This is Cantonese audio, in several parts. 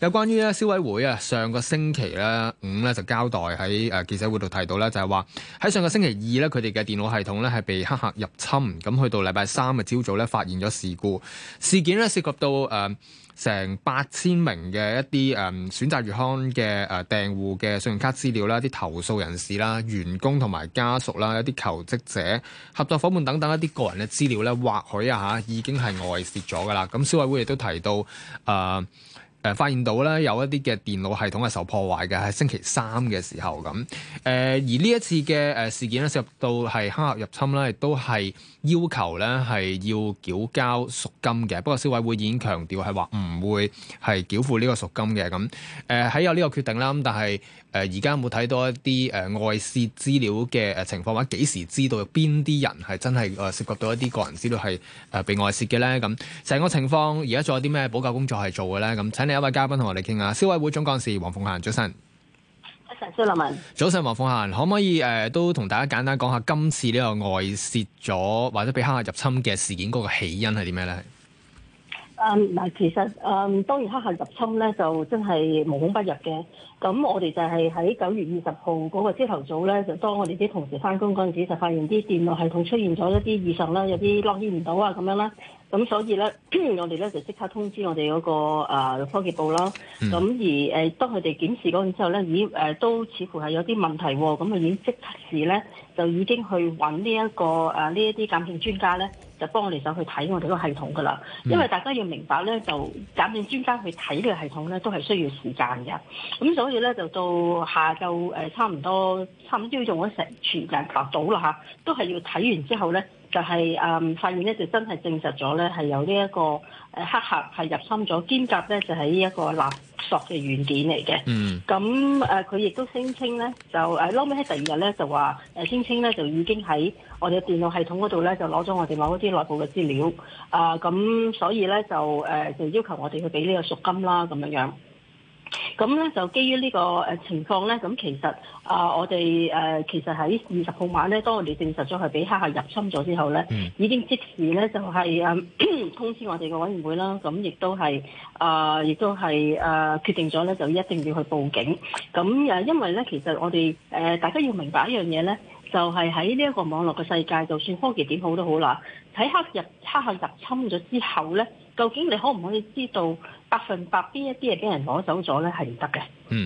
有關於咧消委會啊，上個星期咧五咧就交代喺誒記者會度提到咧，就係話喺上個星期二咧，佢哋嘅電腦系統咧係被黑客入侵，咁去到禮拜三嘅朝早咧發現咗事故事件咧涉及到誒成八千名嘅一啲誒、嗯、選擇月刊嘅誒訂戶嘅信用卡資料啦，啲投訴人士啦、員工同埋家屬啦、一啲求職者、合作夥伴等等一啲個人嘅資料咧，或許啊吓已經係外洩咗噶啦。咁消委會亦都提到誒。呃誒、呃、發現到咧有一啲嘅電腦系統係受破壞嘅，係星期三嘅時候咁。誒、呃、而呢一次嘅誒事件咧涉及到係黑客入侵咧，亦都係要求咧係要繳交贖金嘅。不過消委會已經強調係話唔會係繳付呢個贖金嘅咁。誒、呃、喺有呢個決定啦，咁但係。誒，而家、呃、有冇睇到一啲誒、呃、外泄資料嘅誒情況？或者幾時知道邊啲人係真係誒、呃、涉及到一啲個人資料係誒、呃、被外泄嘅咧？咁、嗯、成個情況而家仲有啲咩補救工作係做嘅咧？咁、嗯、請嚟一位嘉賓同我哋傾下。消委會總幹事黃鳳嫺早晨。早晨，肖立文。早晨，黃鳳嫺，可唔可以誒、呃、都同大家簡單講下今次呢個外泄咗或者被黑客入侵嘅事件嗰個起因係啲咩咧？啊，嗱、嗯，其實啊、嗯，當然黑客入侵咧就真係無孔不入嘅。咁我哋就係喺九月二十號嗰個朝頭早咧，就當我哋啲同事翻工嗰陣時，時，就發現啲電腦系統出現咗一啲異常啦，有啲 load 唔到啊咁樣啦。咁所以咧， 我哋咧就即刻通知我哋嗰、那個、呃、科技部啦。咁、嗯、而誒、呃，當佢哋檢視嗰陣之後咧，咦誒、呃、都似乎係有啲問題喎、啊。咁已經即刻試咧。就已經去揾呢一個誒呢一啲鑑證專家咧，就幫我哋走去睇我哋個系統噶啦。因為大家要明白咧，就鑑證專家去睇呢個系統咧，都係需要時間嘅。咁、嗯、所以咧，就到下晝誒、呃、差唔多差唔多要用咗成全日白到啦吓，都係要睇完之後咧。就係、是、誒、嗯、發現咧，就真係證實咗咧，係有呢、這、一個誒、呃、黑客係入侵咗，兼夾咧就喺、是、呢一個勒索嘅軟件嚟嘅。嗯，咁誒佢亦都聲稱咧，就誒撈尾喺第二日咧就話誒聲稱咧就已經喺我哋電腦系統嗰度咧就攞咗我哋某啲內部嘅資料。啊，咁所以咧就誒、呃、就要求我哋去俾呢個贖金啦，咁樣樣。咁咧就基於呢個誒情況咧，咁其實啊、呃，我哋誒、呃，其實喺二十號晚咧，當我哋證實咗係俾黑客入侵咗之後咧，嗯、已經即時咧就係、是、啊通知我哋個委員會啦，咁亦都係啊，亦都係誒決定咗咧，就一定要去報警。咁誒，因為咧，其實我哋誒、呃，大家要明白一樣嘢咧。就係喺呢一個網絡嘅世界，就算科技點好都好啦。喺黑入黑客入侵咗之後咧，究竟你可唔可以知道百分百邊、嗯、一啲嘢俾人攞走咗咧？係唔得嘅，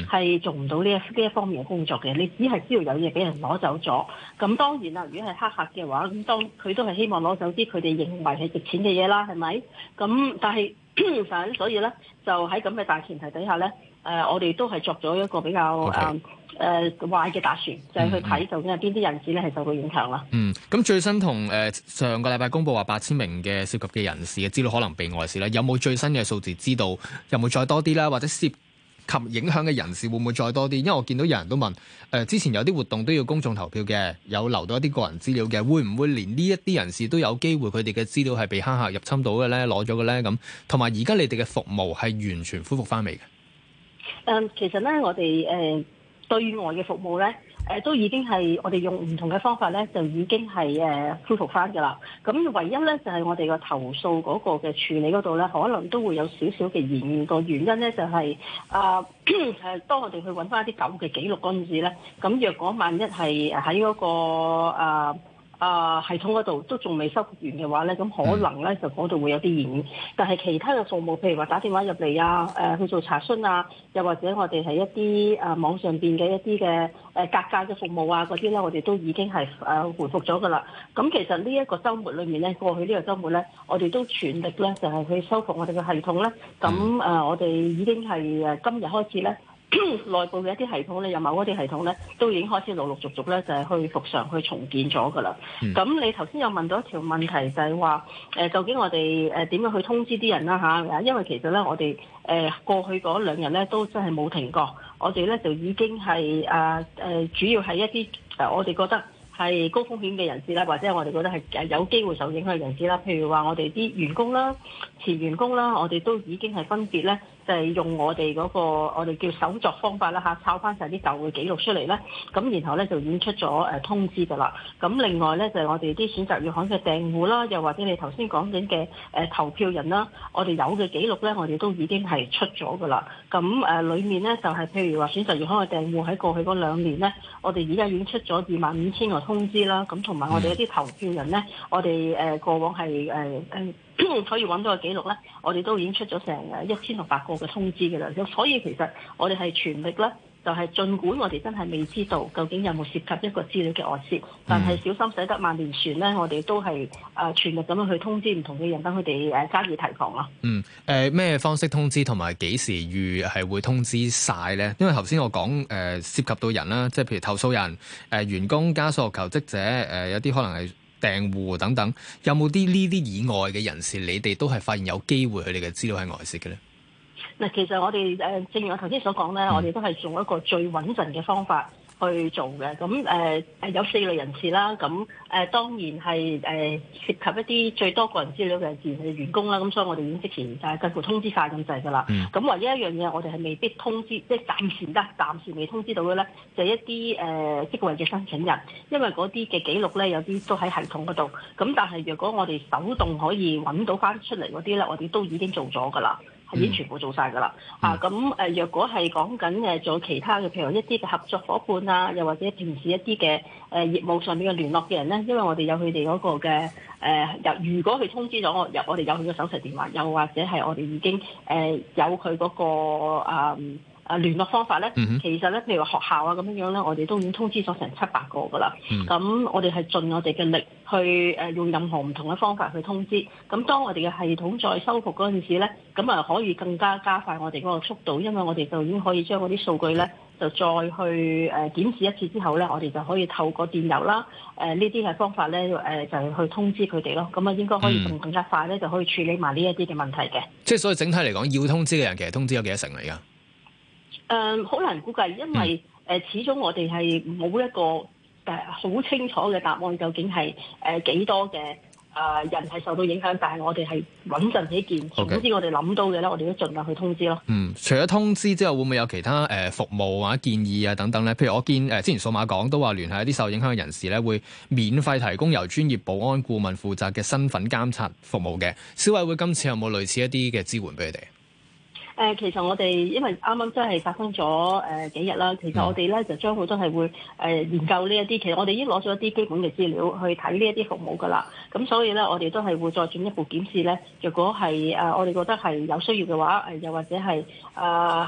係做唔到呢一呢一方面嘅工作嘅。你只係知道有嘢俾人攞走咗。咁當然啦，如果係黑客嘅話，咁當佢都係希望攞走啲佢哋認為係值錢嘅嘢啦，係咪？咁但係， 所以咧就喺咁嘅大前提底下咧。誒、呃，我哋都係作咗一個比較誒誒壞嘅打算，就係、是、去睇究竟係邊啲人士咧係受到影響啦、嗯。嗯，咁、嗯、最新同誒、呃、上個禮拜公佈話八千名嘅涉及嘅人士嘅資料可能被外泄咧，有冇最新嘅數字知道？有冇再多啲咧？或者涉及影響嘅人士會唔會再多啲？因為我見到有人都問誒、呃，之前有啲活動都要公眾投票嘅，有留到一啲個人資料嘅，會唔會連呢一啲人士都有機會佢哋嘅資料係被黑客入侵到嘅咧？攞咗嘅咧咁，同埋而家你哋嘅服務係完全恢復返未嘅？誒，um, 其實咧，我哋誒、uh, 對外嘅服務咧，誒、呃、都已經係我哋用唔同嘅方法咧，就已經係誒恢復翻㗎啦。咁、uh, 唯一咧就係、是、我哋個投訴嗰個嘅處理嗰度咧，可能都會有少少嘅延誤。個原因咧就係、是、啊、uh, 當我哋去揾翻啲舊嘅記錄嗰陣時咧，咁若果萬一係喺嗰個、uh, 啊，uh, 系統嗰度都仲未修復完嘅話咧，咁可能咧就嗰度會有啲現象。但係其他嘅服務，譬如話打電話入嚟啊，誒、呃、去做查詢啊，又或者我哋係一啲啊、呃、網上邊嘅一啲嘅誒格價嘅服務啊嗰啲咧，我哋都已經係誒、呃、回覆咗噶啦。咁其實呢一個周末裏面咧，過去個呢個周末咧，我哋都全力咧就係、是、去修復我哋嘅系統咧。咁啊、呃，我哋已經係誒今日開始咧。內部嘅一啲系統咧，有某一啲系統咧，都已經開始陸陸續續咧，就係去復常、去重建咗㗎啦。咁你頭先有問到一條問題，就係話誒，究竟我哋誒點樣去通知啲人啦？嚇，因為其實咧，我哋誒過去嗰兩日咧，都真係冇停過。我哋咧就已經係啊誒，主要係一啲誒，我哋覺得係高風險嘅人士啦，或者我哋覺得係有機會受影響嘅人士啦，譬如話我哋啲員工啦、前員工啦，我哋都已經係分別咧。就係用我哋嗰、那個，我哋叫手作方法啦嚇，抄翻晒啲舊嘅記錄出嚟咧，咁然後咧就已經出咗誒、呃、通知噶啦。咁另外咧就係、是、我哋啲選擇月刊嘅訂戶啦，又或者你頭先講緊嘅誒投票人啦，我哋有嘅記錄咧，我哋都已經係出咗噶啦。咁、嗯、誒、呃、裡面咧就係、是、譬如話選擇月刊嘅訂戶喺過去嗰兩年咧，我哋而家已經出咗二萬五千個通知啦。咁同埋我哋一啲投票人咧，我哋誒、呃、過往係誒誒。呃可 以揾到個記錄咧，我哋都已經出咗成誒一千六百個嘅通知嘅啦。所以其實我哋係全力咧，就係、是、儘管我哋真係未知道究竟有冇涉及一個資料嘅外洩，但係小心使得萬年船咧，我哋都係誒全力咁樣去通知唔同嘅人，等佢哋誒加以提防咯。嗯，誒、呃、咩方式通知同埋幾時預係會通知晒咧？因為頭先我講誒、呃、涉及到人啦，即係譬如投訴人、誒、呃、員工、加索求職者，誒、呃、有啲可能係。訂戶等等，有冇啲呢啲以外嘅人士，你哋都係發現有機會佢哋嘅資料係外泄嘅咧？嗱，其實我哋誒，正如我頭先所講咧，嗯、我哋都係用一個最穩陣嘅方法。去做嘅，咁誒誒有四類人士啦，咁、呃、誒當然係誒、呃、涉及一啲最多個人資料嘅自然係員工啦，咁、嗯、所以我哋已經即前誒近乎通知晒咁滯噶啦。咁、嗯、唯一一樣嘢我哋係未必通知，即係暫時咧，暫時未通知到嘅咧，就係、一啲誒、呃、職位嘅申請人，因為嗰啲嘅記錄咧有啲都喺系統嗰度，咁但係若果我哋手動可以揾到翻出嚟嗰啲咧，我哋都已經做咗噶啦。已經全部做晒㗎啦，啊咁誒若果係講緊誒做其他嘅，譬如一啲嘅合作夥伴啊，又或者平時一啲嘅誒業務上面嘅聯絡嘅人咧，因為我哋有佢哋嗰個嘅誒入，如果佢通知咗我入，我哋有佢嘅手提電話，又或者係我哋已經誒有佢嗰個誒誒、啊、聯絡方法咧，嗯、哼其實咧，譬如話學校啊咁樣樣咧，我哋都已經通知咗成七八個㗎啦。咁、嗯、我哋係盡我哋嘅力去誒、呃、用任何唔同嘅方法去通知。咁當我哋嘅系統再修復嗰陣時咧，咁啊可以更加加快我哋嗰個速度，因為我哋就已經可以將嗰啲數據咧就再去誒檢視一次之後咧，我哋就可以透過電郵啦、誒呢啲係方法咧誒、呃、就去通知佢哋咯。咁啊應該可以仲更加快咧，就可以處理埋呢一啲嘅問題嘅。即係、嗯、所以整體嚟講，要通知嘅人其實通知有幾多成嚟㗎？誒，好、uh, 難估計，因為誒、呃，始終我哋係冇一個誒好、呃、清楚嘅答案，究竟係誒、呃、幾多嘅啊、呃、人係受到影響，但係我哋係穩陣起見，Okay. 總之我哋諗到嘅咧，我哋都盡量去通知咯。嗯，除咗通知之後，會唔會有其他誒、呃、服務啊、建議啊等等咧？譬如我見誒、呃、之前數碼港都話聯繫一啲受影響嘅人士咧，會免費提供由專業保安顧問負責嘅身份監察服務嘅。消委會今次有冇類似一啲嘅支援俾佢哋？誒、呃，其實我哋因為啱啱真係發生咗誒幾日啦，其實我哋咧就將會都係會誒研究呢一啲，其實我哋已經攞咗一啲基本嘅資料去睇呢一啲服務㗎啦。咁所以咧，我哋都係會再進一步檢視咧。如果係誒、呃、我哋覺得係有需要嘅話，誒、呃、又或者係誒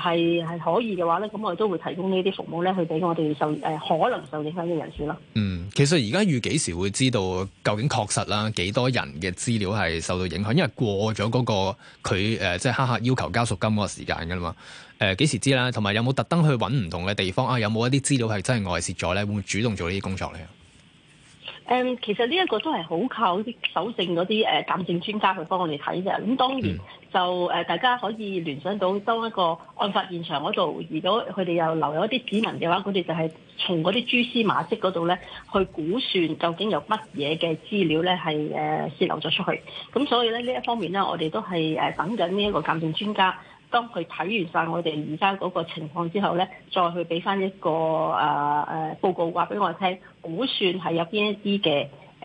係係可以嘅話咧，咁我哋都會提供呢啲服務咧，去俾我哋受誒、呃、可能受影響嘅人士咯。嗯，其實而家預幾時會知道究竟確實啦幾多人嘅資料係受到影響？因為過咗嗰、那個佢誒、呃、即係黑客要求交贖金。咁個時間噶啦嘛？誒，幾時知啦？同埋有冇特登去搵唔同嘅地方啊？有冇一啲資料係真係外泄咗咧？會唔會主動做呢啲工作咧？誒，其實呢一個都係好靠啲搜證嗰啲誒鑑證專家去幫我哋睇嘅。咁當然就誒，大家可以聯想到當一個案發現場嗰度，如果佢哋又留有一啲指紋嘅話，佢哋就係從嗰啲蛛絲馬跡嗰度咧，去估算究竟有乜嘢嘅資料咧係誒洩漏咗出去。咁所以咧，呢一方面咧，我哋都係誒等緊呢一個鑑證專家。當佢睇完晒我哋而家嗰個情況之後咧，再去俾翻一個誒誒、呃呃、報告話俾我聽，估算係有邊一啲嘅。誒誒、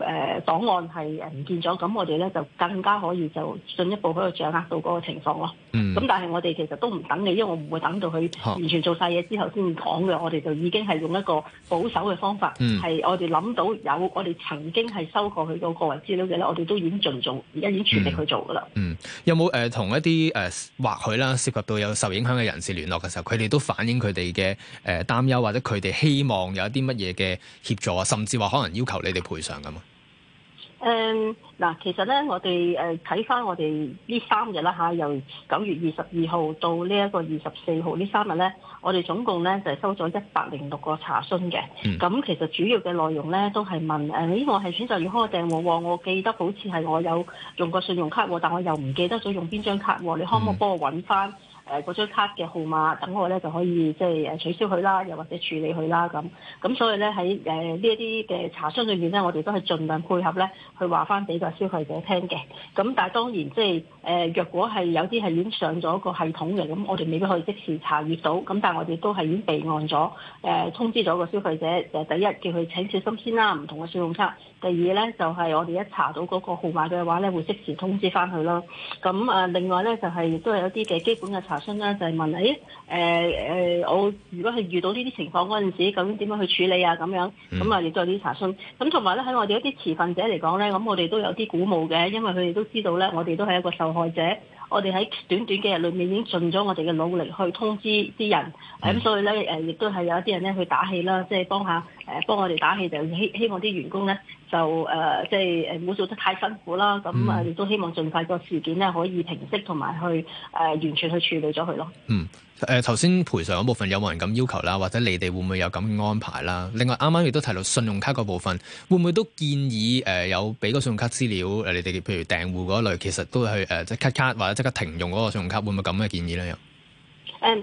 呃、檔案係唔見咗，咁我哋咧就更加可以就進一步去度掌握到嗰個情況咯。嗯，咁但係我哋其實都唔等你，因為我唔會等到佢完全做晒嘢之後先講嘅。我哋就已經係用一個保守嘅方法，係、嗯、我哋諗到有我哋曾經係收過佢個人資料嘅咧，我哋都已經盡做，而家已經全力去做㗎啦、嗯。嗯，有冇誒同一啲誒或許啦，涉及到有受影響嘅人士聯絡嘅時候，佢哋都反映佢哋嘅誒擔憂，或者佢哋希望有一啲乜嘢嘅協助啊，甚至話可能要求你哋陪會上噶嘛？誒嗱、嗯，其實咧，我哋誒睇翻我哋呢三日啦嚇，由九月二十二號到呢一個二十四號呢三日咧，我哋總共咧就係收咗一百零六個查詢嘅。咁其實主要嘅內容咧都係問誒，咦、呃、呢個係選擇要開個訂喎，我記得好似係我有用過信用卡喎，但我又唔記得咗用邊張卡喎，你可唔可以幫我揾翻？誒嗰張卡嘅號碼呢，等我咧就可以即係誒取消佢啦，又或者處理佢啦咁。咁所以咧喺誒呢一啲嘅查詢裏面咧，我哋都係盡量配合咧去話翻俾個消費者聽嘅。咁但係當然即係誒若果係有啲係已經上咗個系統嘅，咁我哋未必可以即時查閲到。咁但係我哋都係已經備案咗，誒、呃、通知咗個消費者。誒第一叫佢請小心先啦，唔同嘅信用卡。第二咧就係、是、我哋一查到嗰個號碼嘅話咧，會即時通知翻佢咯。咁啊，另外咧就係、亦、都係有啲嘅基本嘅查。查詢啦，就係問：「誒， 誒，誒 我如果係遇到呢啲情況嗰陣時，咁點樣去處理啊？咁樣咁啊，亦都有啲查詢。咁同埋咧，喺我哋一啲持份者嚟講咧，咁我哋都有啲鼓舞嘅，因為佢哋都知道咧，我哋都係一個受害者。我哋喺短短幾日裏面已經盡咗我哋嘅努力去通知啲人，咁、mm. 所以咧誒，亦都係有一啲人咧去打氣啦，即係幫下誒幫我哋打氣，就希希望啲員工咧就誒即係誒唔好做得太辛苦啦。咁啊，亦都希望盡快個事件咧可以平息同埋去誒、呃、完全去處理咗佢咯。嗯。Mm. 誒頭先賠償嗰部分有冇人咁要求啦？或者你哋會唔會有咁安排啦？另外啱啱亦都提到信用卡嗰部分，會唔會都建議誒、呃、有俾個信用卡資料？誒你哋譬如訂戶嗰類，其實都係誒、呃、即刻 cut 卡或者即刻停用嗰個信用卡，會唔會咁嘅建議咧？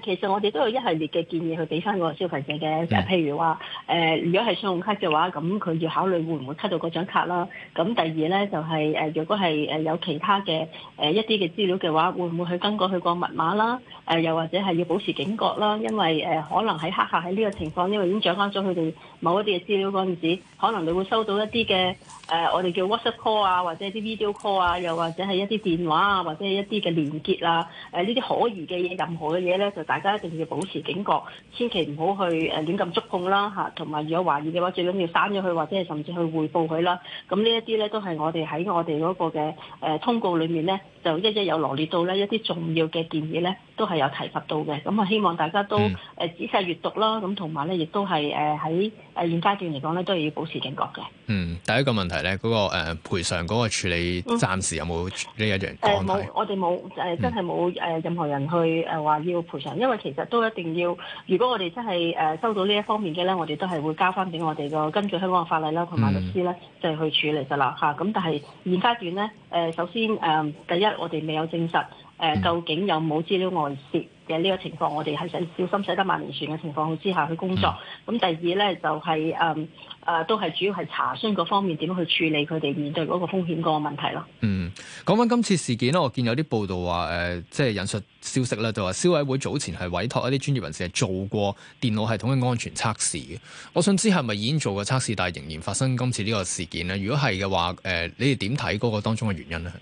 其實我哋都有一系列嘅建議去俾翻個消費者嘅，誒，譬如話，誒、呃，如果係信用卡嘅話，咁佢要考慮會唔會 cut 到嗰張卡啦。咁第二咧就係、是，誒、呃，如果係誒有其他嘅誒、呃、一啲嘅資料嘅話，會唔會去更改佢個密碼啦？誒、呃，又或者係要保持警覺啦，因為誒、呃、可能喺黑客喺呢個情況，因為已經掌握咗佢哋某一啲嘅資料嗰陣時，可能你會收到一啲嘅誒我哋叫 WhatsApp call 啊，或者啲 video call 啊，又或者係一啲電話啊，或者係一啲嘅連結啊，誒呢啲可疑嘅嘢，任何嘅嘢咧。就大家一定要保持警覺，千祈唔好去誒亂咁觸碰啦嚇，同埋如果有懷疑嘅話，最緊要要刪咗佢，或者係甚至去匯報佢啦。咁呢一啲咧都係我哋喺我哋嗰個嘅誒通告裏面咧，就一一有羅列到咧一啲重要嘅建議咧。都係有提及到嘅，咁啊希望大家都誒仔細閱讀啦，咁同埋咧亦都係誒喺誒現階段嚟講咧，都係要保持警覺嘅。嗯，第一個問題咧，嗰、那個誒、呃、賠償嗰個處理，暫時有冇呢一樣講題？冇、呃，我哋冇誒，真係冇誒任何人去誒話、呃、要賠償，因為其實都一定要，如果我哋真係誒、呃、收到呢一方面嘅咧，我哋都係會交翻俾我哋個根據香港嘅法例啦同埋律師咧，嗯、就去處理㗎喇嚇。咁、嗯、但係現階段咧，誒、呃、首先誒、呃、第，第，第一，我哋未有證實。誒，究竟、嗯、有冇資料外洩嘅呢個情況？嗯、我哋係想小心使得萬年船嘅情況之下去工作。咁、嗯、第二咧，就係、是、誒，誒、嗯呃、都係主要係查詢嗰方面點去處理佢哋面對嗰個風險嗰個問題咯。嗯，講返今次事件啦，我見有啲報道話誒，即係引述消息咧，就話、是、消委會早前係委託一啲專業人士係做過電腦系統嘅安全測試嘅。我想知係咪已經做過測試，但係仍然發生今次呢個事件呢？如果係嘅話，誒、呃，你哋點睇嗰個當中嘅原因呢？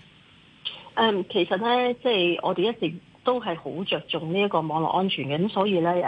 誒，um, 其實咧，即係我哋一直都係好着重呢一個網絡安全嘅，咁所以咧，誒、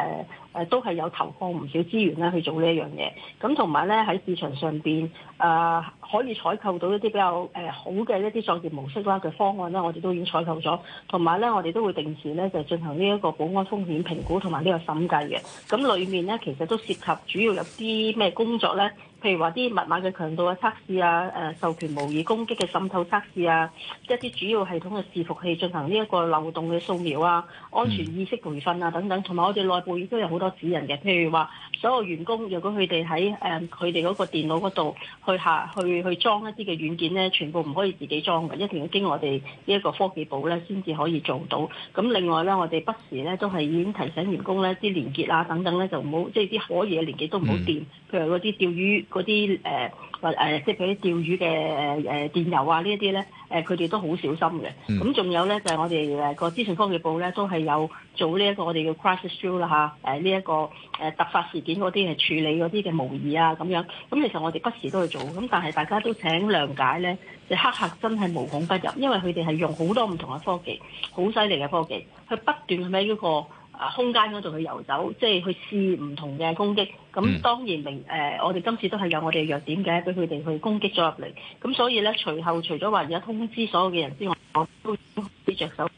呃、誒，都係有投放唔少資源咧去做呢一樣嘢。咁同埋咧，喺市場上邊，啊、呃，可以採購到一啲比較誒好嘅一啲作業模式啦嘅方案啦，我哋都已經採購咗。同埋咧，我哋都會定期咧就進行呢一個保安風險評估同埋呢個審計嘅。咁裏面咧，其實都涉及主要有啲咩工作咧？譬如話啲密碼嘅強度啊、測試啊、誒授權模擬攻擊嘅滲透測試啊，一啲主要系統嘅伺服器進行呢一個漏洞嘅掃描啊、安全意識培訓啊等等，同埋我哋內部亦都有好多指引嘅。譬如話，所有員工如果佢哋喺誒佢哋嗰個電腦嗰度去下去去，去裝一啲嘅軟件咧，全部唔可以自己裝嘅，一定要經我哋呢一個科技部咧先至可以做到。咁另外咧，我哋不時咧都係已經提醒員工咧啲連結啊等等咧就唔好，即係啲可疑嘅連結都唔好掂。佢嗰啲釣魚嗰啲誒或誒，即係譬如釣魚嘅誒誒電郵啊呢一啲咧，誒佢哋都好小心嘅。咁仲有咧，就係、是、我哋誒個資訊科技部咧，都係有做呢一個我哋嘅 crisis drill 啦、啊、嚇。誒呢一個誒、呃、突發事件嗰啲係處理嗰啲嘅模擬啊咁樣。咁其實我哋不時都去做。咁但係大家都請諒解咧，即黑客真係無孔不入，因為佢哋係用好多唔同嘅科技，好犀利嘅科技，去不斷喺嗰、這個。啊！空間嗰度去遊走，即係去試唔同嘅攻擊。咁當然明誒、呃，我哋今次都係有我哋弱點嘅，俾佢哋去攻擊咗入嚟。咁所以咧，隨後除咗話而家通知所有嘅人之外，我都開始着手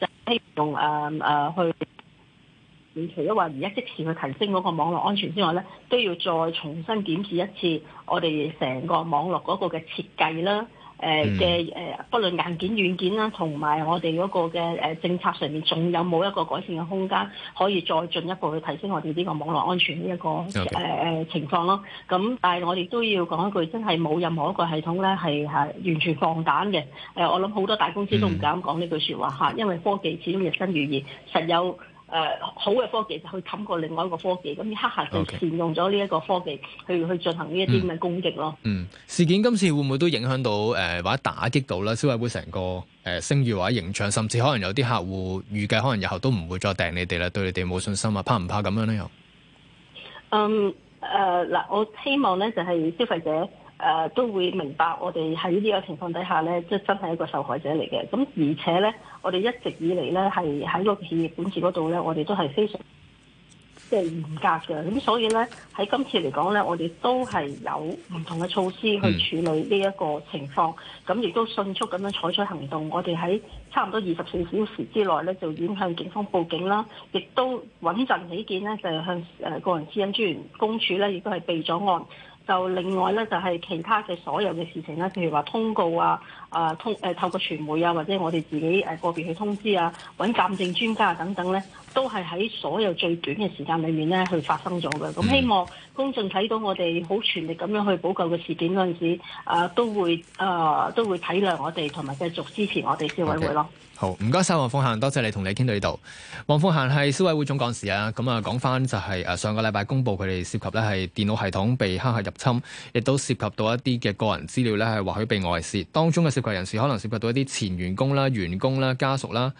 就希望用誒、呃呃、去檢除，咗話而家即時去提升嗰個網絡安全之外咧，都要再重新檢視一次我哋成個網絡嗰個嘅設計啦。誒嘅誒，mm hmm. 不論硬件、軟件啦，同埋我哋嗰個嘅誒政策上面，仲有冇一個改善嘅空間，可以再進一步去提升我哋呢個網絡安全呢、這、一個誒誒 Okay.、呃、情況咯。咁但係我哋都要講一句，真係冇任何一個系統咧係係完全防彈嘅。誒、呃，我諗好多大公司都唔敢講呢句説話嚇，mm hmm. 因為科技始終日新月異，實有。誒、呃、好嘅科技就去冚過另外一個科技，咁黑客就善用咗呢一個科技去去進行呢一啲咁嘅攻擊咯。嗯，事件今次會唔會都影響到誒、呃、或者打擊到啦？消委會成個誒聲譽或者形象，甚至可能有啲客戶預計可能日後都唔會再訂你哋啦，對你哋冇信心啊？怕唔怕咁樣呢？又嗯誒嗱、呃呃，我希望咧就係、是、消費者。誒、呃、都會明白，我哋喺呢個情況底下咧，即係真係一個受害者嚟嘅。咁而且咧，我哋一直以嚟咧係喺個企業管治嗰度咧，我哋都係非常即係嚴格嘅。咁所以咧，喺今次嚟講咧，我哋都係有唔同嘅措施去處理呢一個情況。咁亦、嗯、都迅速咁樣採取行動。我哋喺差唔多二十四小時之內咧，就已經向警方報警啦。亦都穩陣起見咧，就係、是、向誒、呃、個人私隱專員公署咧，亦都係備咗案。就另外呢，就係其他嘅所有嘅事情啦，譬如話通告啊。啊，通誒透過傳媒啊，或者我哋自己誒個別去通知啊，揾鑑證專家啊等等咧，都係喺所有最短嘅時間裏面咧，去發生咗嘅。咁希望公眾睇到我哋好全力咁樣去補救嘅事件嗰陣時，啊都會啊、呃、都會體諒我哋，同埋繼續支持我哋消委會咯。Okay. 好，唔該晒，黃鳳嫺，多謝你同你傾到呢度。黃鳳嫺係消委會總幹事啊，咁啊講翻就係誒上個禮拜公佈佢哋涉及咧係電腦系統被黑客入侵，亦都涉及到一啲嘅個人資料咧係或許被外泄，當中嘅。涉及人士可能涉及到一啲前員工啦、員工啦、家屬啦、誒、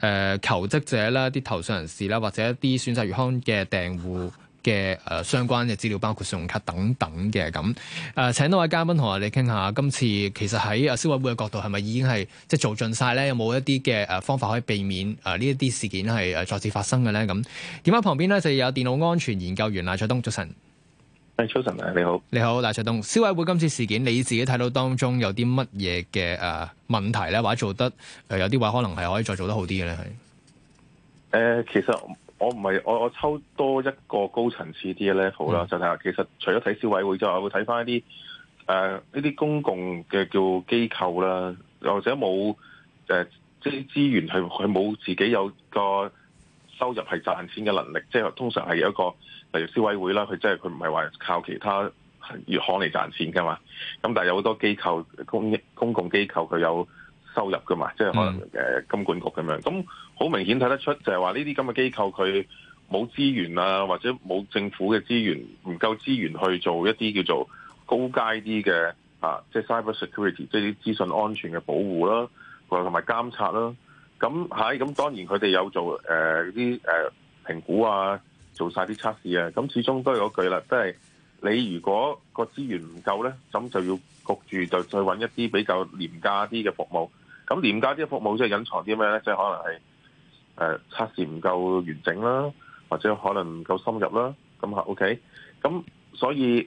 呃、求職者啦、啲投訴人士啦，或者一啲選擇月刊嘅訂戶嘅誒相關嘅資料，包括信用卡等等嘅咁。誒、呃、請多位嘉賓同我哋傾下，今次其實喺消委會嘅角度係咪已經係即係做盡晒咧？有冇一啲嘅誒方法可以避免誒呢一啲事件係誒、呃、再次發生嘅咧？咁點解旁邊咧就有電腦安全研究員賴灼東，早晨。係，你好，你好，賴灼東，消委會今次事件，你自己睇到當中有啲乜嘢嘅？誒問題咧，或者做得誒有啲位可能係可以再做得好啲嘅咧？係誒、呃，其實我唔係我我抽多一個高層次啲嘅 level 啦，嗯、就係其實除咗睇消委會之外，我會睇翻一啲誒呢啲公共嘅叫機構啦，或者冇誒即係資源係佢冇自己有個收入係賺錢嘅能力，即係通常係有一個。例如消委會啦，佢即係佢唔係話靠其他業行嚟賺錢噶嘛，咁但係有好多機構公公共機構佢有收入噶嘛，即係可能誒金管局咁樣，咁好明顯睇得出就係話呢啲咁嘅機構佢冇資源啊，或者冇政府嘅資源，唔夠資源去做一啲叫做高階啲嘅啊，即係 cyber security，即係啲資訊安全嘅保護啦，同埋監察啦，咁喺咁當然佢哋有做誒嗰啲誒評估啊。做晒啲測試啊！咁始終都係嗰句啦，即係你如果個資源唔夠咧，咁就要焗住就再搵一啲比較廉價啲嘅服務。咁廉價啲嘅服務即係隱藏啲咩咧？即係可能係誒測試唔夠完整啦，或者可能唔夠深入啦。咁啊，OK。咁所以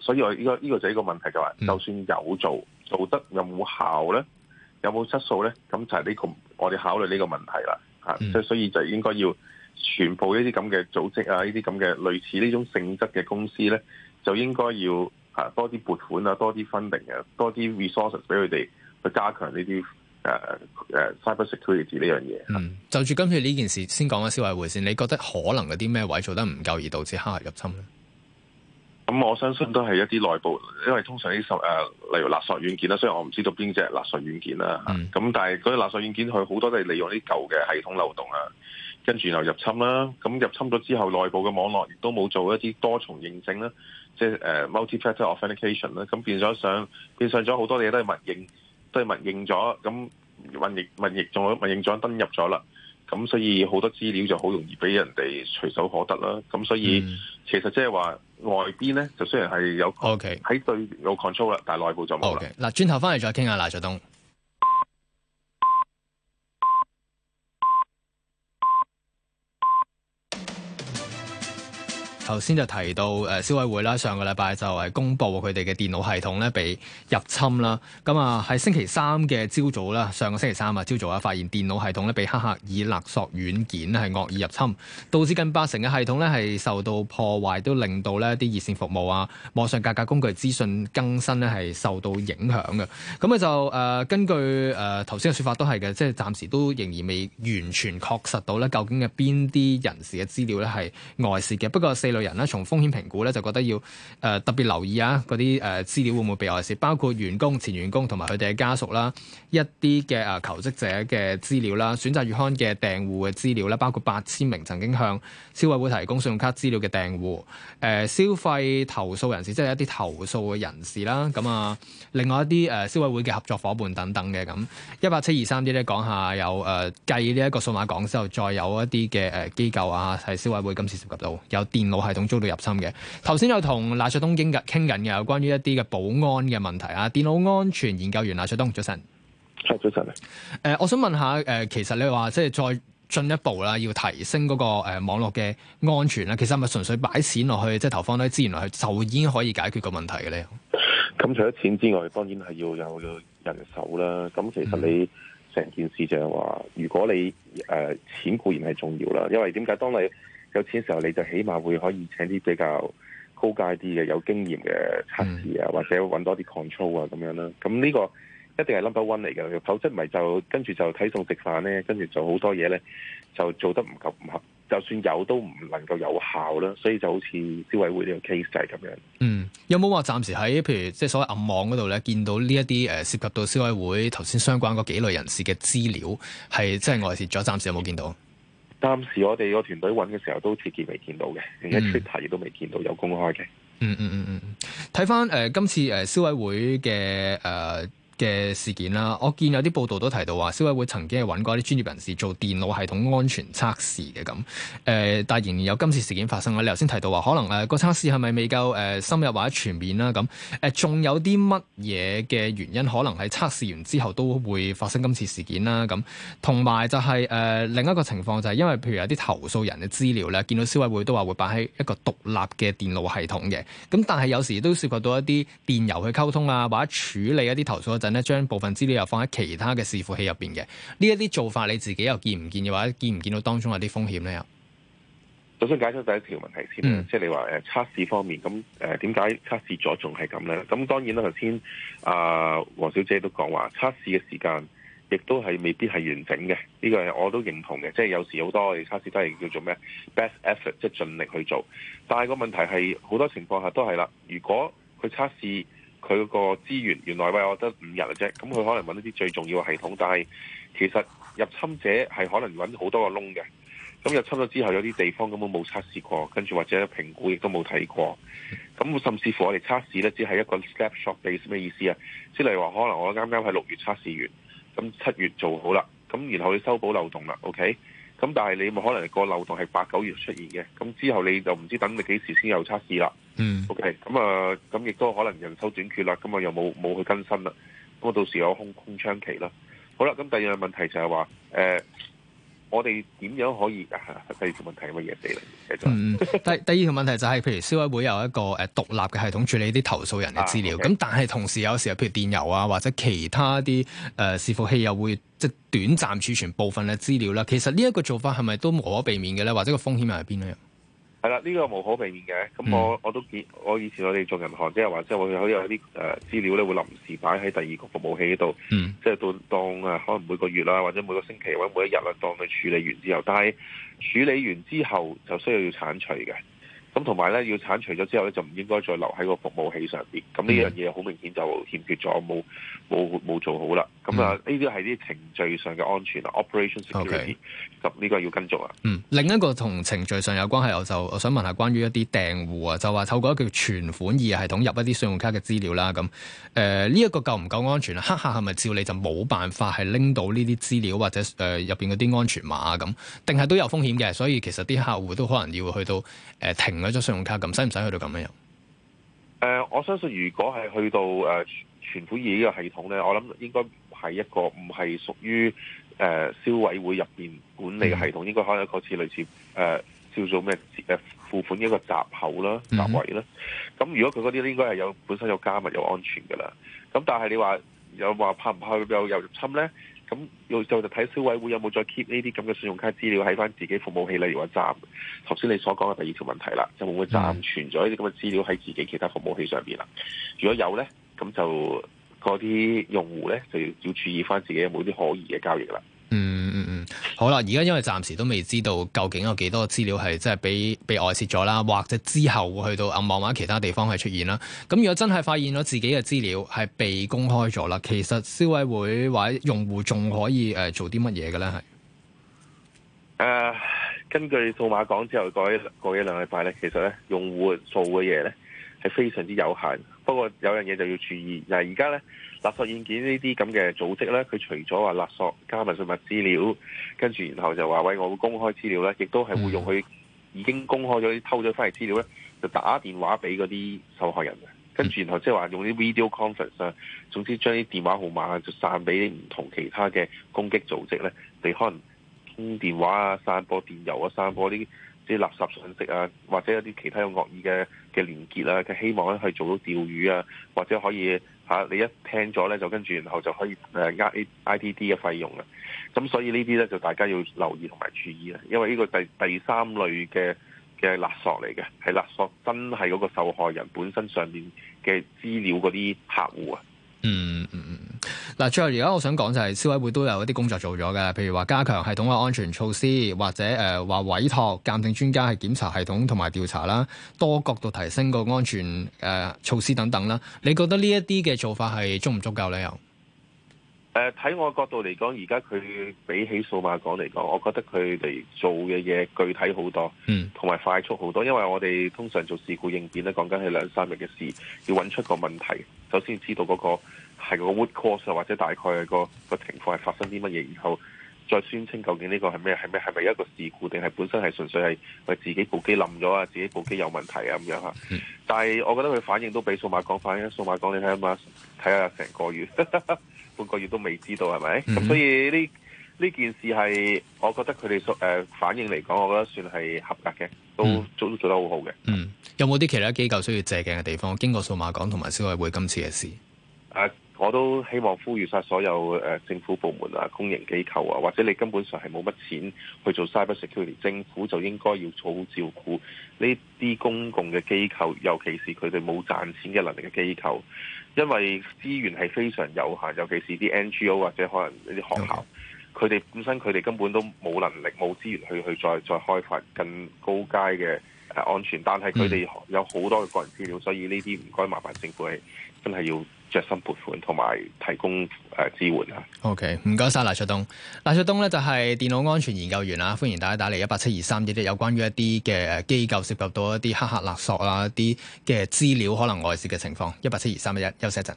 所以，所以我依個依個就係一個問題嘅話，就算有做做得有冇效咧，有冇質素咧？咁就係呢個我哋考慮呢個問題啦。嚇、嗯，即係所以就應該要。全部呢啲咁嘅組織啊，呢啲咁嘅類似呢種性質嘅公司呢，就應該要嚇多啲撥款啊，多啲 funding 啊，多啲 resources 俾佢哋去加強呢啲誒誒、啊啊、cybersecurity 呢樣嘢、嗯。就住今次呢件事先講下消委會先。你覺得可能有啲咩位做得唔夠，而導致黑客入侵呢？咁、嗯、我相信都係一啲內部，因為通常呢啲誒，例如勒索軟件啦，雖然我唔知道邊隻係勒索軟件啦，咁、嗯、但係嗰啲勒索軟件佢好多都係利用啲舊嘅系統漏洞啊。跟住又入侵啦，咁入侵咗之後內部嘅網絡亦都冇做一啲多重認證啦，即係誒、uh, multi-factor authentication 啦，咁變咗上變上咗好多嘢都係默認，都係默認咗，咁默認默認仲默認咗登入咗啦，咁所以好多資料就好容易俾人哋隨手可得啦，咁所以、嗯、其實即係話外邊咧就雖然係有喺 Okay. 對有 control 啦，但內部就冇啦。嗱、okay，轉頭翻嚟再傾下賴灼東。頭先就提到誒、呃、消委會啦，上個禮拜就係公佈佢哋嘅電腦系統咧被入侵啦。咁啊喺星期三嘅朝早咧，上個星期三啊，朝早啊發現電腦系統咧被黑客以勒索軟件係惡意入侵，導致近八成嘅系統咧係受到破壞，都令到呢啲熱線服務啊、網上價格工具資訊更新咧係受到影響嘅。咁啊就誒、呃、根據誒頭先嘅説法都係嘅，即係暫時都仍然未完全確實到咧究竟有邊啲人士嘅資料咧係外泄嘅。不過四人咧，從風險評估咧，就覺得要誒、呃、特別留意啊，嗰啲誒資料會唔會被外泄，包括員工、前員工同埋佢哋嘅家屬啦，一啲嘅誒求職者嘅資料啦，選擇月刊嘅訂戶嘅資料啦，包括八千名曾經向消委會提供信用卡資料嘅訂戶，誒、呃、消費投訴人士，即係一啲投訴嘅人士啦。咁啊，另外一啲誒、呃、消委會嘅合作伙伴等等嘅咁，一八七二三一咧講下有誒、呃、計呢一個數碼港之後，再有一啲嘅誒機構啊，係消委會今次涉及到有電腦。系統遭到入侵嘅，頭先有同賴灼東傾緊嘅，有關於一啲嘅保安嘅問題啊，電腦安全研究員賴灼東，早晨，早晨。誒、呃，我想問下，誒、呃，其實你話即係再進一步啦，要提升嗰、那個誒、呃、網絡嘅安全啦，其實係咪純粹擺錢落去，即係投放啲資源落去就已經可以解決個問題嘅咧？咁、嗯、除咗錢之外，當然係要有人手啦。咁其實你成件事就係話，如果你誒、呃、錢固然係重要啦，因為點解當你？有錢時候你就起碼會可以請啲比較高階啲嘅有經驗嘅測試啊，嗯嗯、或者揾多啲 control 啊咁樣啦。咁、這、呢個一定係 number one 嚟嘅，否則咪就跟住就睇餸食飯咧，跟住做好多嘢咧就做得唔夠唔合，就算有都唔能夠有效啦。所以就好似消委會呢個 case 就係咁樣。嗯，有冇話暫時喺譬如即係所謂暗網嗰度咧，見到呢一啲誒涉及到消委會頭先相關嗰幾類人士嘅資料係即係外泄咗？暫時有冇見到？嗯暫時我哋個團隊揾嘅時候都直接未見到嘅，而家出題都未見到有公開嘅。嗯嗯嗯嗯，睇翻誒今次誒消委會嘅誒。呃呃嘅事件啦，我見有啲報道都提到話消委會曾經係揾過一啲專業人士做電腦系統安全測試嘅咁，誒、呃，但係仍然有今次事件發生啦。你頭先提到話可能誒、呃個測試係咪未夠誒、呃、深入或者全面啦咁，誒仲、呃、有啲乜嘢嘅原因可能係測試完之後都會發生今次事件啦咁，同埋就係、是、誒、呃、另一個情況就係因為譬如有啲投訴人嘅資料咧，見到消委會都話會擺喺一個獨立嘅電腦系統嘅，咁但係有時都涉及到一啲電郵去溝通啊，或者處理一啲投訴。咧將部分資料又放喺其他嘅伺服器入邊嘅呢一啲做法，你自己又見唔見嘅話，或者見唔見到當中有啲風險咧？首先解釋第一條問題先、嗯、即係你話誒測試方面咁誒點解測試咗仲係咁咧？咁當然啦，頭先阿黃小姐都講話測試嘅時間亦都係未必係完整嘅，呢、呢個係我都認同嘅。即係有時好多我哋測試都係叫做咩 best effort，即係盡力去做，但係個問題係好多情況下都係啦，如果佢測試。佢嗰個資源原來喂，我得五日嘅啫，咁佢可能揾一啲最重要嘅系統，但係其實入侵者係可能揾好多個窿嘅。咁入侵咗之後，有啲地方根本冇測試過，跟住或者評估亦都冇睇過。咁甚至乎我哋測試 base，呢，只係一個 snapshot 嘅，咩意思啊？即例如話可能我啱啱喺六月測試完，咁七月做好啦，咁然後去修補漏洞啦，OK？咁但係你咪可能個漏洞係八九月出現嘅，咁之後你就唔知等你幾時先有測試啦。嗯，OK，咁啊，咁亦都可能人手短缺啦，咁啊又冇冇去更新啦，咁啊到時有空空窗期啦。好啦，咁第二個問題就係話，誒。我哋點樣可以啊？第二條問題係乜嘢地雷？嗯，第第二條問題就係、是，譬如消委會有一個誒獨立嘅系統處理啲投訴人嘅資料，咁、啊 okay. 但係同時有時候譬如電郵啊，或者其他啲誒伺服器又會即係短暫儲存部分嘅資料啦。其實呢一個做法係咪都無可避免嘅咧？或者個風險係喺邊咧？係啦，呢、這個無可避免嘅。咁、嗯、我我都見，我以前我哋做銀行即係或者係我哋可以有啲誒資料咧，會臨時擺喺第二個服務器嗰度，嗯、即係都當誒可能每個月啦，或者每個星期或者每一日啦，當佢處理完之後，但係處理完之後就需要要鏟除嘅。咁同埋咧，要剷除咗之後咧，就唔應該再留喺個服務器上邊。咁呢樣嘢好明顯就欠缺咗，冇冇冇做好啦。咁啊，呢啲係啲程序上嘅安全啊，operations security。OK，咁呢個要跟續啊。嗯，另一個同程序上有關係，我就我想問下關於一啲訂戶啊，就話透過一個叫存款二系統入一啲信用卡嘅資料啦。咁誒呢一個夠唔夠安全啊？黑客係咪照你就冇辦法係拎到呢啲資料或者誒入邊嗰啲安全碼啊？咁定係都有風險嘅。所以其實啲客戶都可能要去到誒停。買咗信用卡咁，使唔使去到咁樣？誒、呃，我相信如果係去到誒存款業呢個系統咧，我諗應該係一個唔係屬於誒消委會入邊管理嘅系統，嗯、應該可能個似類似誒、呃、叫做咩誒付款一個閘口啦、閘位啦。咁、嗯、哼如果佢嗰啲應該係有本身有加密又安全噶啦。咁但係你話有話怕唔怕有有入侵咧？咁又就就睇消委會有冇再 keep 呢啲咁嘅信用卡資料喺翻自己服務器，例如話暫頭先你所講嘅第二條問題啦，就會唔會暫存咗呢啲咁嘅資料喺自己其他服務器上邊啦？如果有呢，咁就嗰啲用戶呢，就要注意翻自己有冇啲可疑嘅交易啦。好啦，而家因為暫時都未知道究竟有幾多資料係即係被被外洩咗啦，或者之後會去到暗網或者其他地方係出現啦。咁如果真係發現咗自己嘅資料係被公開咗啦，其實消委會或者用戶仲可以誒、呃、做啲乜嘢嘅咧？係誒、啊，根據數碼港之後過一過一兩禮拜咧，其實咧，用戶做嘅嘢咧，係非常之有限，不過有樣嘢就要注意，嗱，而家咧勒索軟件呢啲咁嘅組織咧，佢除咗話勒索加密信物資料，跟住然後就話喂，我會公開資料呢，亦都係會用佢已經公開咗、偷咗翻嚟資料呢，就打電話俾嗰啲受害人，跟住然後即係話用啲 video conference 啊，總之將啲電話號碼就散俾唔同其他嘅攻擊組織咧，你可能通電話啊、散播電郵啊、散播呢啲。啲垃圾信息啊，或者一啲其他嘅惡意嘅嘅連結啊，佢希望咧去做到釣魚啊，或者可以嚇你一聽咗咧，就跟住然後就可以誒壓 IDD 嘅費用啊。咁所以呢啲咧就大家要留意同埋注意啦，因為呢個第第三類嘅嘅勒索嚟嘅係勒索，真係嗰個受害人本身上面嘅資料嗰啲客戶啊、嗯。嗯嗯嗯。嗱，最後而家我想講就係消委會都有一啲工作做咗嘅，譬如話加強系統嘅安全措施，或者誒話委託鑑定專家係檢查系統同埋調查啦，多角度提升個安全誒、呃、措施等等啦。你覺得呢一啲嘅做法係足唔足夠咧？又誒、呃，睇我角度嚟講，而家佢比起數碼港嚟講，我覺得佢哋做嘅嘢具體好多，嗯，同埋快速好多。因為我哋通常做事故應變咧，講緊係兩三日嘅事，要揾出個問題，首先知道嗰、那個。係個 wood course 啊，或者大概、個個、個個情況係發生啲乜嘢，然後再宣稱究竟呢個係咩係咩係咪一個事故，定係本身係純粹係為自己部機冧咗啊，自己部機有問題啊咁樣嚇。但係我覺得佢反應都比數碼港反應，數碼港，你睇下嘛，睇下成個月 半個月都未知道係咪咁，mm hmm. 所以呢呢件事係我覺得佢哋誒反應嚟講，我覺得算係合格嘅，都、mm hmm. 做做得好好嘅。嗯、mm，hmm. 有冇啲其他機構需要借鏡嘅地方？經過數碼港同埋消委會今次嘅事。我都希望呼籲晒所有、呃、政府部門啊、公營機構啊，或者你根本上係冇乜錢去做 cyber security，政府就應該要好好照顧呢啲公共嘅機構，尤其是佢哋冇賺錢嘅能力嘅機構，因為資源係非常有限，尤其是啲 NGO 或者可能呢啲學校，佢哋 Okay. 本身佢哋根本都冇能力、冇資源去去再再開發更高階嘅、呃、安全，但係佢哋有好多嘅個人資料，所以呢啲唔該麻煩政府係真係要。着心撥款同埋提供誒支援啊。OK，唔該晒。賴灼東。賴灼東咧就係電腦安全研究員啦。歡迎大家打嚟一八七二三一一，3，有關於一啲嘅機構涉及到一啲黑客勒索啊、一啲嘅資料可能外泄嘅情況。一八七二三一一，休息一陣。